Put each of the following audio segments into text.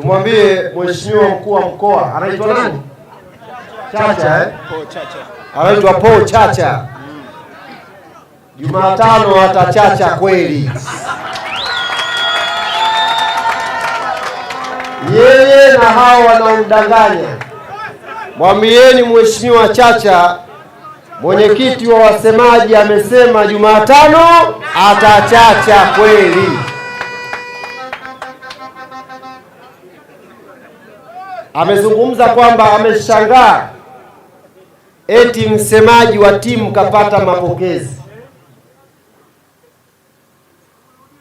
Tumwambie mheshimiwa mkuu wa mkoa anaitwa nani? Chacha eh? Anaitwa Po Chacha. Jumatano atachacha kweli. Yeye na hao wanaomdanganya, mwambieni mheshimiwa Chacha, mwenyekiti wa wasemaji amesema Jumatano atachacha kweli. amezungumza kwamba ameshangaa eti msemaji wa timu kapata mapokezi.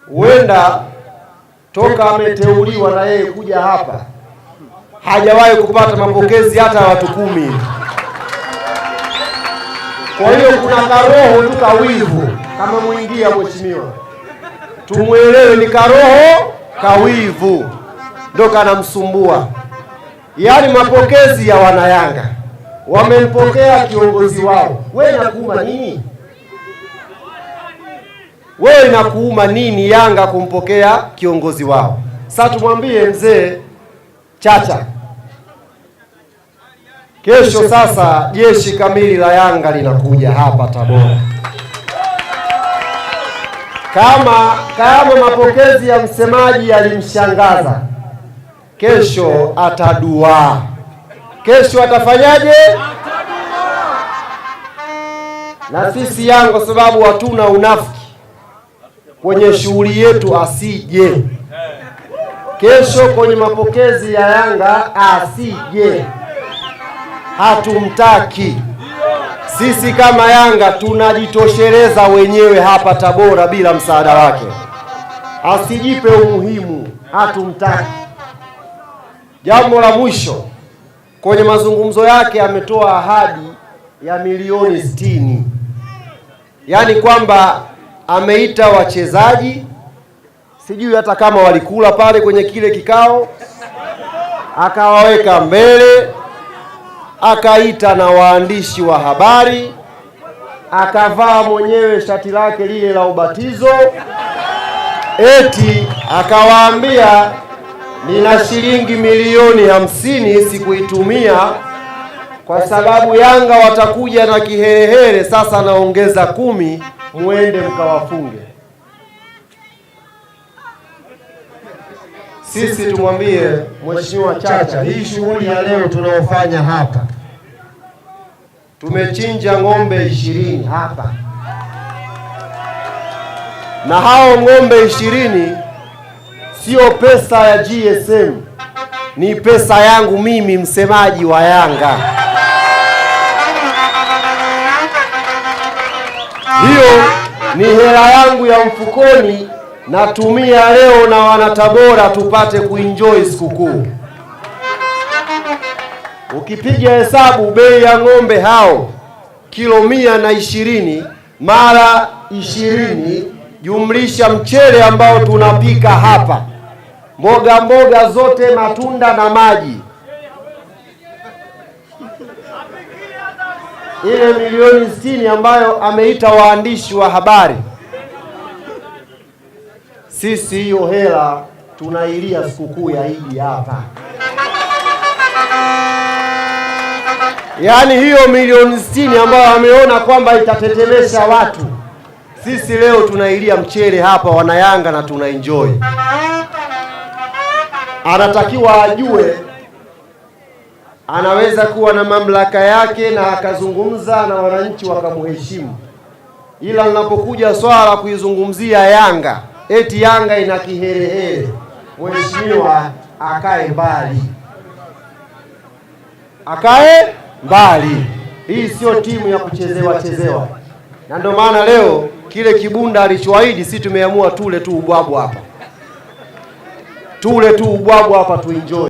Huenda toka ameteuliwa na yeye kuja hapa hajawahi kupata mapokezi hata watu kumi. Kwa hiyo kuna karoho tu kawivu kama mwingia, mheshimiwa, tumwelewe, ni karoho kawivu ndo kanamsumbua yaani mapokezi ya wanayanga wamempokea kiongozi wao. Wewe inakuuma nini? Wewe inakuuma nini Yanga kumpokea kiongozi wao? Sasa tumwambie mzee Chacha kesho sasa jeshi kamili la Yanga linakuja hapa Tabora. Kama kama mapokezi ya msemaji yalimshangaza kesho atadua kesho atafanyaje? Na sisi Yanga kwa sababu hatuna unafiki kwenye shughuli yetu, asije kesho kwenye mapokezi ya Yanga, asije, hatumtaki sisi kama Yanga tunajitosheleza wenyewe hapa Tabora bila msaada wake. Asijipe umuhimu, hatumtaki. Jambo la mwisho, kwenye mazungumzo yake ametoa ahadi ya milioni sitini, yaani kwamba ameita wachezaji, sijui hata kama walikula pale kwenye kile kikao, akawaweka mbele, akaita na waandishi wa habari, akavaa mwenyewe shati lake lile la ubatizo, eti akawaambia nina shilingi milioni hamsini sikuitumia kwa sababu Yanga watakuja na kiherehere. Sasa naongeza kumi, muende mkawafunge. Sisi tumwambie Mheshimiwa Chacha, hii shughuli ya leo tunaofanya hapa, tumechinja ng'ombe ishirini hapa, na hao ng'ombe ishirini sio pesa ya GSM, ni pesa yangu mimi, msemaji wa Yanga. Hiyo ni hela yangu ya mfukoni, natumia leo na wanatabora tupate kuenjoy sikukuu. Ukipiga hesabu bei ya ng'ombe hao kilo mia na ishirini mara ishirini jumlisha mchele ambao tunapika hapa mboga mboga zote, matunda na maji. Ile milioni sitini ambayo ameita waandishi wa habari, sisi hiyo hela tunailia sikukuu ya Idi hapa. Yaani hiyo milioni sitini ambayo ameona kwamba itatetemesha watu, sisi leo tunailia mchele hapa, wanayanga na tunaenjoy anatakiwa ajue anaweza kuwa na mamlaka yake na akazungumza na wananchi wakamheshimu, ila linapokuja swala la kuizungumzia Yanga eti Yanga ina kiherehere, mheshimiwa akae mbali, akae mbali. Hii sio timu ya kuchezewa chezewa, na ndio maana leo kile kibunda alichoahidi, si tumeamua tule tu ubwabwa hapa tule tu ubwabwa hapa tuenjoy.